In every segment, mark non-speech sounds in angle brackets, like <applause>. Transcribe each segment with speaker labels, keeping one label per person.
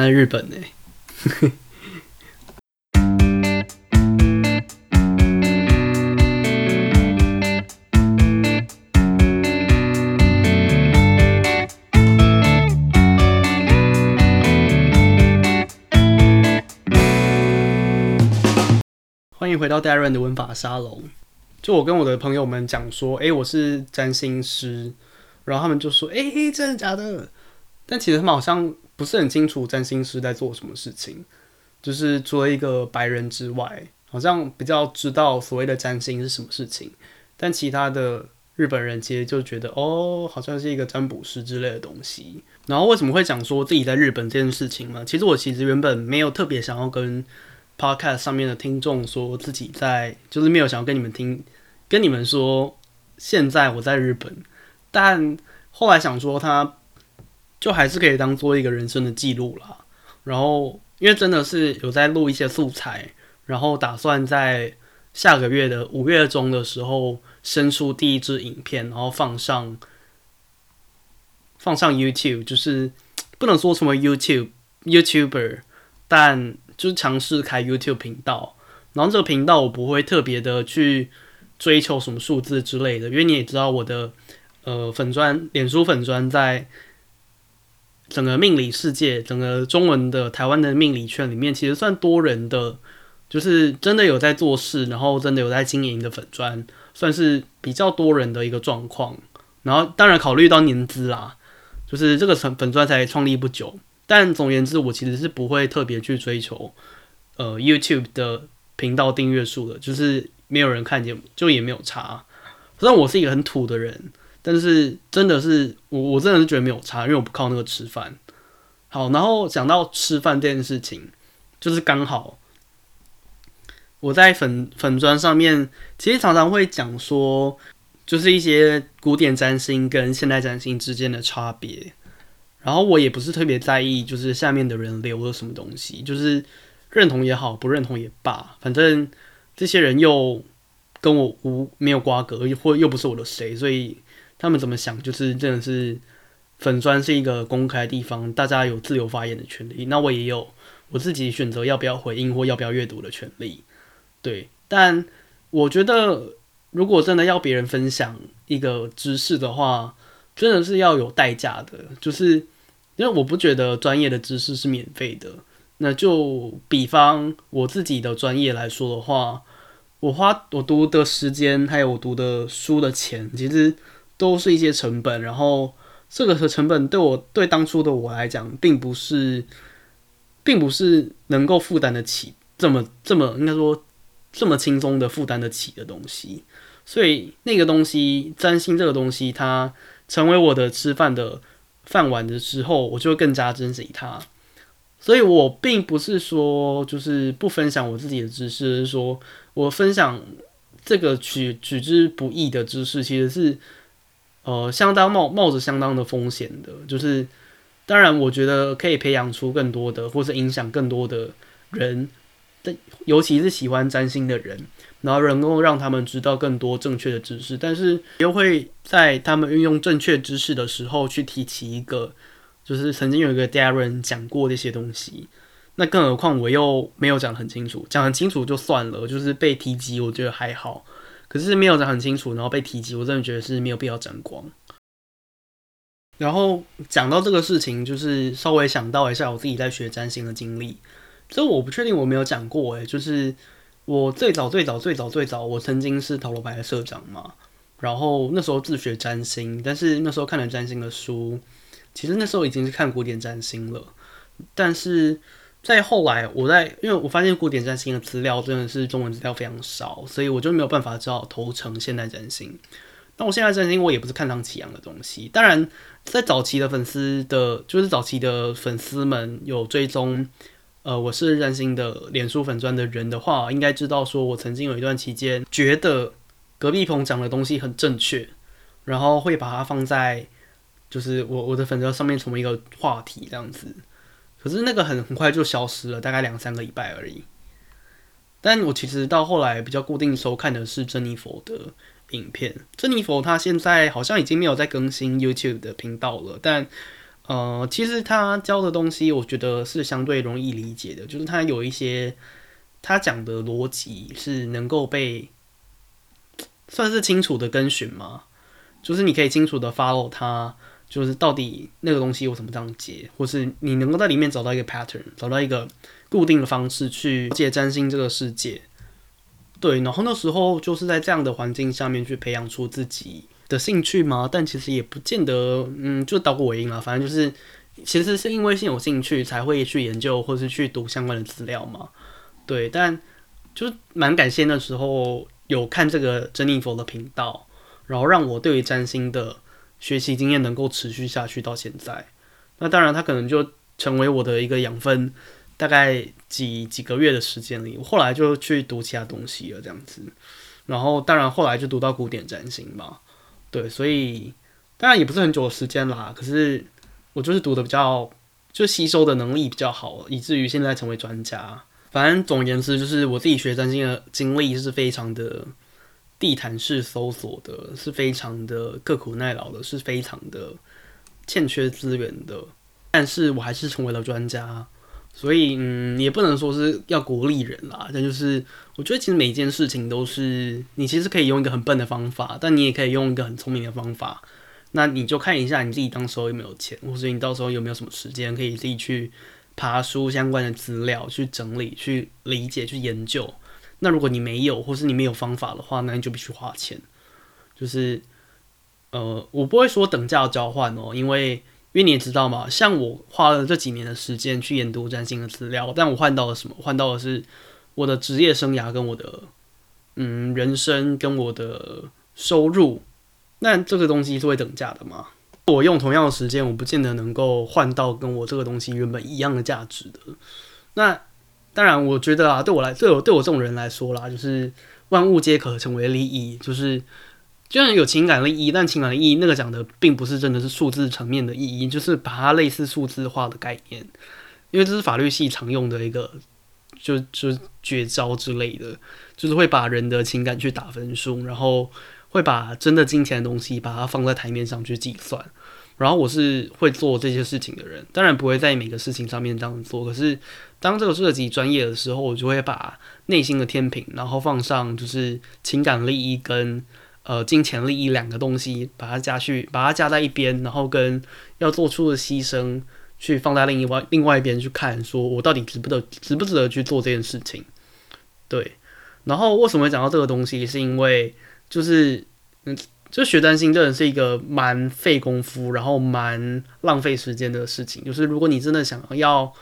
Speaker 1: 在日本呢，欸。 <laughs> 歡迎回到 Darren 的文法沙龍。就我跟我的朋友們講說，哎，欸，我是占星師，然後他們就說，哎，欸，真的假的？但其實他們好像。不是很清楚占星師在做什麼事情，就是作為一個白人之外，好像比較知道所謂的占星是什麼事情，但其他的日本人其實就覺得哦，好像是一個占卜師之類的東西。然後為什麼會講說自己在日本這件事情呢？其實我其實原本沒有特別想要跟 podcast 上面的聽眾說自己在，就是沒有想要跟你們聽，跟你們說現在我在日本，但後來想說他。就還是可以當做一個人生的記錄啦。然後，因為真的是有在錄一些素材，然後打算在下個月的五月中的時候，生出第一支影片，然後放上放上 YouTube，就是不能說什麼 YouTube YouTuber，但就嘗試開 YouTube 頻道。然後這個頻道我不會特別的去追求什麼數字之類的，因為你也知道我的呃粉專、臉書粉專在。整個命理世界，整個中文的台灣的命理圈裡面，其實算多人的，就是真的有在做事，然後真的有在經營的粉專，算是比較多人的一個狀況。然後當然考慮到年資啦，就是這個粉粉專才創立不久。但總而言之，我其實是不會特別去追求呃 YouTube 的頻道訂閱數的，就是沒有人看見，就也沒有差。雖然我是一個很土的人。但是真的是我，我真的是覺得沒有差，因為我不靠那個吃飯。好，然後講到吃飯這件事情，就是剛好我在粉粉專上面，其實常常會講說，就是一些古典占星跟現代占星之間的差別。然後我也不是特別在意，就是下面的人留了什麼東西，就是認同也好，不認同也罷，反正這些人又跟我無沒有瓜葛，或又不是我的誰，所以。他們怎麼想，就是真的是粉專是一個公開的地方，大家有自由發言的權利。那我也有我自己選擇要不要回應或要不要閱讀的權利。對，但我覺得如果真的要別人分享一個知識的話，真的是要有代價的。就是因為我不覺得專業的知識是免費的。那就比方我自己的專業來說的話，我花我讀的時間還有我讀的書的錢，其實。都是一些成本，然後這個的成本對我對當初的我來講，並不是，並不是能夠負擔得起這麼這麼應該說這麼輕鬆的負擔得起的東西。所以那個東西，占星這個東西，它成為我的吃飯的飯碗的時候，我就會更加珍惜它。所以我並不是說就是不分享我自己的知識，而是說我分享這個取取之不易的知識，其實是。呃，相當冒冒着相當的風險的，就是，當然，我覺得可以培養出更多的，或是影響更多的人，但尤其是喜歡占星的人，然後能夠讓他們知道更多正確的知識，但是又會在他們運用正確知識的時候去提起一個，就是曾經有一個 Darren 講過這些東西，那更何況我又沒有講很清楚，講很清楚就算了，就是被提及，我覺得還好。可是沒有講很清楚，然後被提及，我真的覺得是沒有必要沾光。然後講到這個事情，就是稍微想到一下我自己在學占星的經歷，這我不確定我沒有講過誒，就是我最早最早最早最早，我曾經是塔羅牌的社長嘛，然後那時候自學占星，但是那時候看了占星的書，其實那時候已經是看古典占星了，但是。再後來，我在因為我發現古典占星的資料真的是中文資料非常少，所以我就沒有辦法，只好投誠現代占星。那我現在占星，我也不是看上其他的東西。當然，在早期的粉絲的，就是早期的粉絲們有追蹤，呃，我是占星的臉書粉專的人的話，應該知道說我曾經有一段期間覺得隔壁棚講的東西很正確，然後會把它放在就是我我的粉專上面成為一個話題這樣子。可是那個很很快就消失了，大概兩三個禮拜而已。但我其實到後來比較固定收看的是珍妮佛的影片。珍妮佛她現在好像已經沒有在更新 YouTube 的頻道了，但呃，其實她教的東西我覺得是相對容易理解的，就是她有一些她講的邏輯是能夠被算是清楚的跟循嗎？就是你可以清楚的 follow 她。就是到底那個東西我怎麼這樣解，或是你能夠在裡面找到一個 pattern，找到一個固定的方式去解占星這個世界，對。然後那時候就是在這樣的環境下面去培養出自己的興趣嘛。但其實也不見得，嗯，就倒果為因啦。反正就是，其實是因為先有興趣才會去研究或是去讀相關的資料嘛。對。但就蠻感謝那時候有看這個 Jennifer 的頻道，然後讓我對於占星的。學習經驗能夠持續下去到現在，那當然他可能就成為我的一個養分，大概幾幾個月的時間裡，我後來就去讀其他東西了這樣子，然後當然後來就讀到古典占星嘛，對，所以當然也不是很久的時間啦，可是我就是讀的比較，就吸收的能力比較好，以至於現在成為專家。反正總而言之，就是我自己學占星的經歷是非常的。地毯式搜索，的是非常的刻苦耐勞的，是非常的欠缺資源的，但是我還是成為了專家，所以嗯，也不能說是要鼓勵人啦，但就是我覺得其實每一件事情都是你其實可以用一個很笨的方法，但你也可以用一個很聰明的方法，那你就看一下你自己當時候有沒有錢，或者你到時候有沒有什麼時間可以自己去爬書相關的資料去整理、去理解、去研究。那如果你沒有，或是你沒有方法的話，那你就必須花錢。就是，呃，我不會說等價交換哦，因為因為你也知道嘛，像我花了這幾年的時間去研讀占星的資料，但我換到了什麼？換到的是我的職業生涯跟我的嗯人生跟我的收入。那這個東西是會等價的嗎？我用同樣的時間，我不見得能夠換到跟我這個東西原本一樣的價值的。那。當然，我覺得啊，對我來，對我，對我這種人來說啦，就是萬物皆可成為利益，就是雖然有情感利益，但情感的利益那個講的並不是真的是數字層面的利益，就是把它類似數字化的概念，因為這是法律系常用的一個，就，就絕招之類的，就是會把人的情感去打分數，然後會把真的金錢的東西把它放在台面上去計算，然後我是會做這些事情的人，當然不會在每個事情上面這樣做，可是。當這個自己專業的時候，我就會把內心的天平，然後放上就是情感利益跟呃金錢利益兩個東西，把它加去，把它加在一邊，然後跟要做出的犧牲去放在另一外另外一邊去看，說我到底值不值得，值不值得去做這件事情。對，然後為什麼會講到這個東西，是因為就是嗯，就學占星真的是一個蠻費功夫，然後蠻浪費時間的事情，就是如果你真的想要。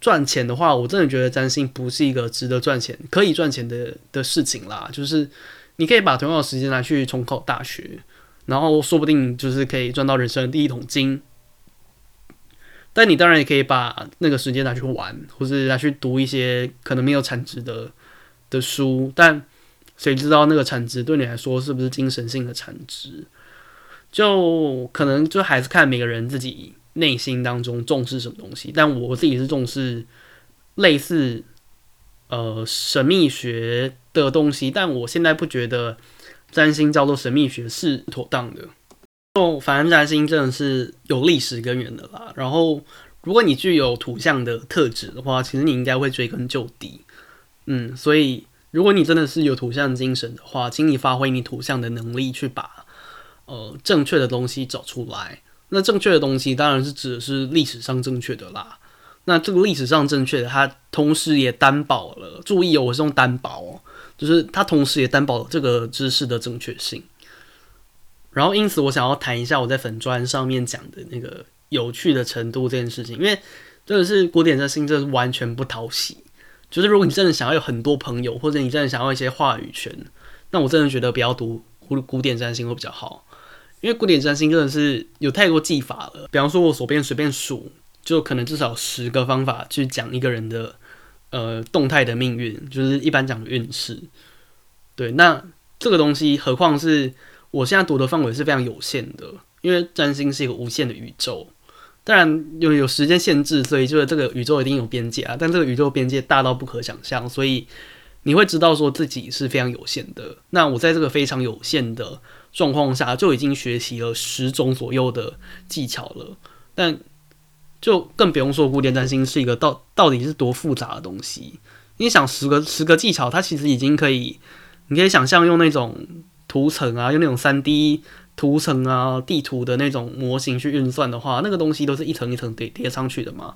Speaker 1: 賺錢的話，我真的覺得占星不是一個值得賺錢、可以賺錢的的事情啦。就是你可以把同樣的時間拿去重考大學，然後說不定就是可以賺到人生的第一桶金。但你當然也可以把那個時間拿去玩，或是拿去讀一些可能沒有產值的的書。但誰知道那個產值對你來說是不是精神性的產值？就可能就還是看每個人自己。內心當中重視什麼東西？但我自己是重視類似呃神秘學的東西，但我現在不覺得占星叫做神秘學是妥當的。就反正占星真的是有歷史根源的啦。然後，如果你具有土象的特質的話，其實你應該會追根究底。嗯，所以如果你真的是有土象精神的話，請你發揮你土象的能力，去把呃正確的東西找出來。那正確的東西當然是指的是歷史上正確的啦。那這個歷史上正確的，它同時也擔保了，注意哦，我是用擔保哦，就是它同時也擔保了這個知識的正確性。然後因此，我想要談一下我在粉專上面講的那個有趣的程度這件事情，因為這個是古典占星，這是完全不討喜。就是如果你真的想要有很多朋友，或者你真的想要一些話語權，那我真的覺得不要讀古古典占星會比較好。因為古典占星真的是有太多技法了，比方說我手邊隨便數，就可能至少十個方法去講一個人的，呃，動態的命運，就是一般講的運勢。對，那這個東西，何況是我現在讀的範圍是非常有限的，因為占星是一個無限的宇宙，當然有有時間限制，所以就是這個宇宙一定有邊界啊，但這個宇宙邊界大到不可想象，所以。你會知道說自己是非常有限的。那我在這個非常有限的狀況下，就已經學習了十種左右的技巧了。但就更不用說古典占星是一個到到底是多複雜的東西。你想，十個十個技巧，它其實已經可以，你可以想象用那種圖層啊，用那種 3D 圖層啊，地圖的那種模型去運算的話，那個東西都是一層一層疊疊上去的嘛。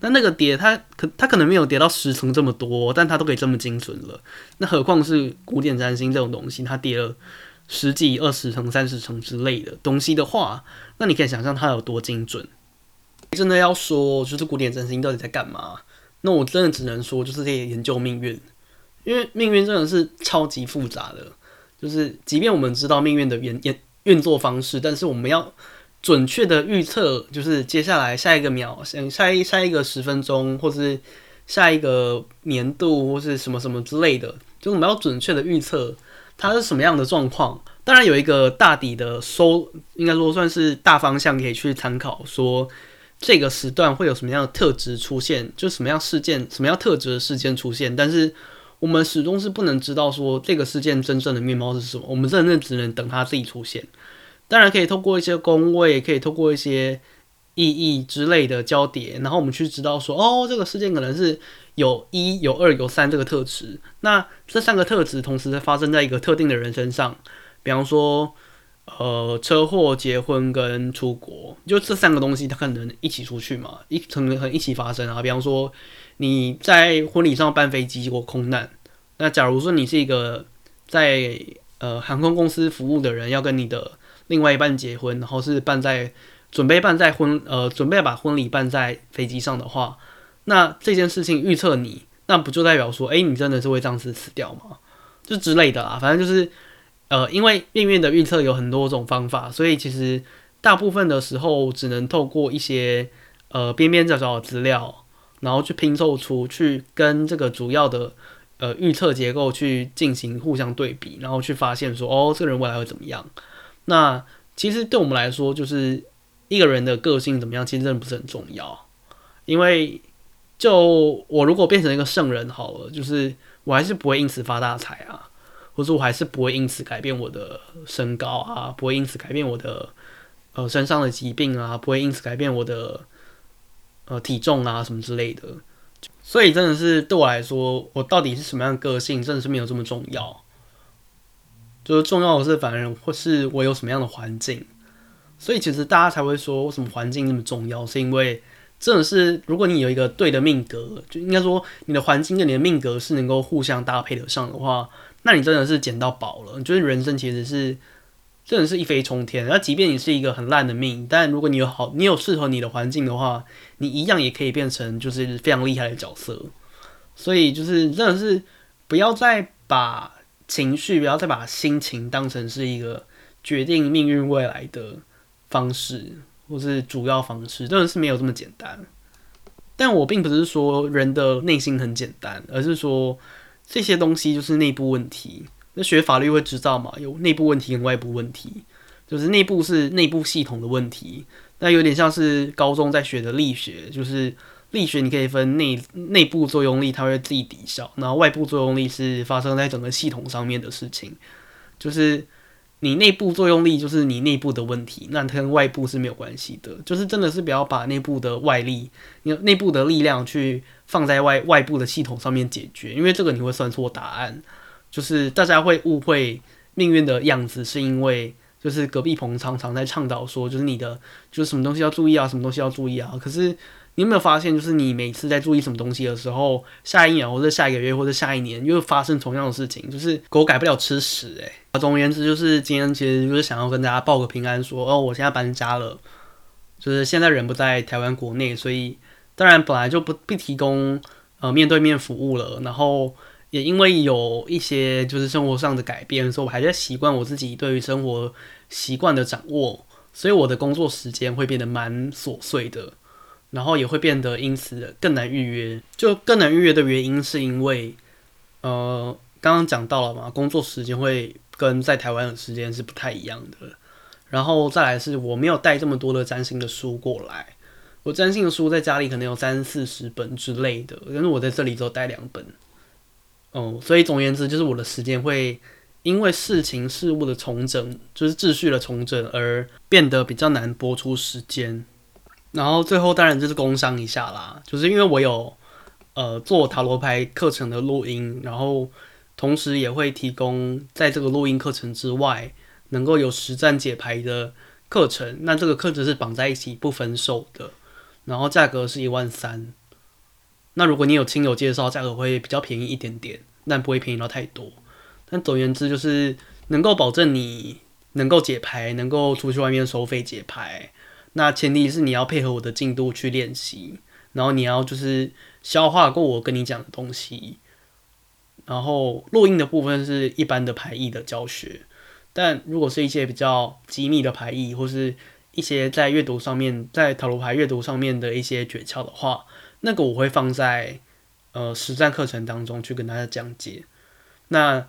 Speaker 1: 那那個疊它，它可它可能沒有疊到十層這麼多，但它都可以這麼精準了。那何況是古典占星這種東西，它疊了十幾、二十層、三十層之類的東西的話，那你可以想象它有多精準。真的要說就是古典占星到底在幹嘛，那我真的只能說就是在研究命運，因為命運真的是超級複雜的。就是即便我們知道命運的運運作方式，但是我們要。準確的預測就是接下來下一個秒，下下一下一個十分鐘，或者是下一個年度或是什麼什麼之類的，就是我們要準確的預測它是什麼樣的狀況。當然有一個大底的收，應該說算是大方向可以去參考，說這個時段會有什麼樣的特質出現，就什麼樣事件、什麼樣特質的事件出現。但是我們始終是不能知道說這個事件真正的面貌是什麼，我們真的只能等它自己出現。當然可以通過一些宮位，可以透過一些意義之類的交疊，然後我們去知道說，哦，這個事件可能是有一、有二、有三這個特質，那這三個特質同時發生在一個特定的人身上，比方說，呃，車禍、結婚跟出國，就這三個東西，它可能一起出去嘛，一可能一起發生啊。比方說你在婚禮上辦飛機，結果空難，那假如說你是一個在呃航空公司服務的人，要跟你的。另外一半結婚，然後是辦在準備辦在婚呃，準備把婚禮辦在飛機上的話，那這件事情預測你，那不就代表說，誒，你真的是會這樣子死掉嗎？就之類的啦，反正就是呃，因為命運的預測有很多種方法，所以其實大部分的時候只能透過一些呃邊邊角角的資料，然後去拼湊出去，跟這個主要的呃預測結構去進行互相對比，然後去發現說，哦，這個人未來會怎麼樣？那其實對我們來說，就是一個人的個性怎麼樣，其實真的不是很重要。因為，就我如果變成一個聖人好了，就是我還是不會因此發大財啊，或者我還是不會因此改變我的身高啊，不會因此改變我的呃身上的疾病啊，不會因此改變我的呃體重啊什麼之類的。所以真的是對我來說，我到底是什麼樣的個性，真的是沒有這麼重要。就是重要的是，反而會是我有什麼樣的環境，所以其實大家才會說為什麼環境那麼重要，是因為真的是如果你有一個對的命格，就應該說你的環境跟你的命格是能夠互相搭配得上的話，那你真的是撿到寶了。你覺得人生其實是真的是一飛沖天。然後，即便你是一個很爛的命，但如果你有好，你有適合你的環境的話，你一樣也可以變成就是非常厲害的角色。所以，就是真的是不要再把。情緒，不要再把心情當成是一個決定命運未來的方式，或是主要方式，真的是沒有這麼簡單。但我並不是說人的內心很簡單，而是說這些東西就是內部問題。那學法律會知道嘛，有內部問題跟外部問題，就是內部是內部系統的問題，那有點像是高中在學的力學，就是。力學你可以分內內部作用力，它會自己抵消；然後外部作用力是發生在整個系統上面的事情。就是你內部作用力就是你內部的問題，那它跟外部是沒有關係的。就是真的是不要把內部的外力、你內部的力量去放在外外部的系統上面解決，因為這個你會算錯答案。就是大家會誤會命運的樣子，是因為就是隔壁棚常常在倡導說，就是你的就是什麼東西要注意啊，什麼東西要注意啊，可是。你有沒有發現，就是你每次在注意什麼東西的時候，下一秒或者下一個月或者下一年又發生同樣的事情，就是狗改不了吃屎哎、欸。總而言之，就是今天其實就是想要跟大家報個平安說，說哦，我現在搬家了，就是現在人不在台灣國內，所以當然本來就不不提供呃面對面服務了。然後也因為有一些就是生活上的改變，所以我還在習慣我自己對於生活習慣的掌握，所以我的工作時間會變得蠻瑣碎的。然後也會變得因此更難預約。就更難預約的原因是因為，呃，剛剛講到了嘛，工作時間會跟在台灣的時間是不太一樣的。然後再來是我沒有帶這麼多的占星的書過來，我占星的書在家裡可能有三四十本之類的，但是我在這裡都帶兩本。哦，所以總而言之就是我的時間會因為事情事物的重整，就是秩序的重整而變得比較難播出時間。然後最後當然就是工商一下啦，就是因為我有呃做塔羅牌課程的錄音，然後同時也會提供在這個錄音課程之外能夠有實戰解牌的課程，那這個課程是綁在一起不分手的，然後價格是一萬三。那如果你有親友介紹，價格會比較便宜一點點，但不會便宜到太多。但總而言之，就是能夠保證你能夠解牌，能夠出去外面收費解牌。那前提是你要配合我的進度去練習，然後你要就是消化過我跟你講的東西，然後錄音的部分是一般的牌義的教學，但如果是一些比較機密的牌義或是一些在閱讀上面，在塔羅牌閱讀上面的一些訣竅的話，那個我會放在呃實戰課程當中去跟大家講解。那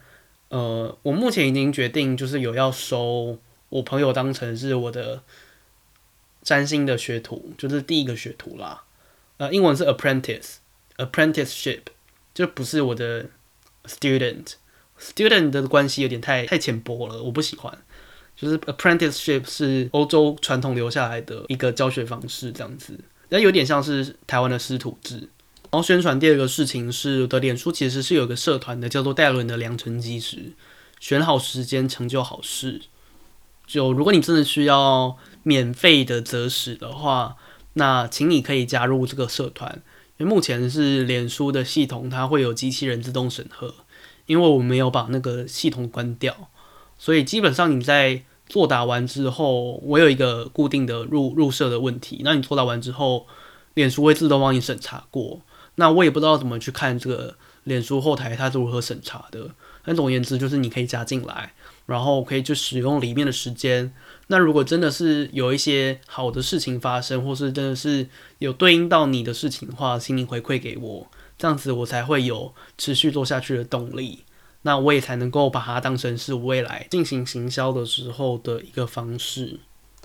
Speaker 1: 呃，我目前已經決定就是有要收我朋友當成是我的，三星的學徒就是第一個學徒啦，呃，英文是 apprentice，apprenticeship，就不是我的 student，student student 的關係有點太太淺薄了，我不喜歡。就是 apprenticeship 是歐洲傳統留下來的一個教學方式，這樣子，但有點像是台灣的師徒制。然後宣傳第二個事情是我的臉書其實是有個社團的，叫做戴倫的良辰吉時，選好時間成就好事。就如果你真的需要。免費的擇時的話，那請你可以加入這個社團，因為目前是臉書的系統，它會有機器人自動審核，因為我沒有把那個系統關掉，所以基本上你在作答完之後，我有一個固定的入入社的問題，那你作答完之後，臉書會自動幫你審查過，那我也不知道怎麼去看這個臉書後台它是如何審查的，但總而言之就是你可以加進來，然後可以去使用裡面的時間。那如果真的是有一些好的事情發生，或是真的是有對應到你的事情的話，請你回饋給我，這樣子我才會有持續做下去的動力，那我也才能夠把它當成是未來進行行銷的時候的一個方式。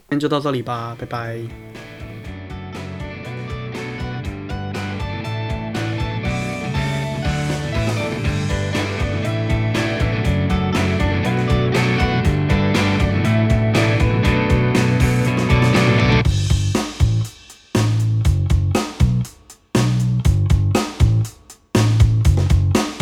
Speaker 1: 今天就到這裡吧，拜拜。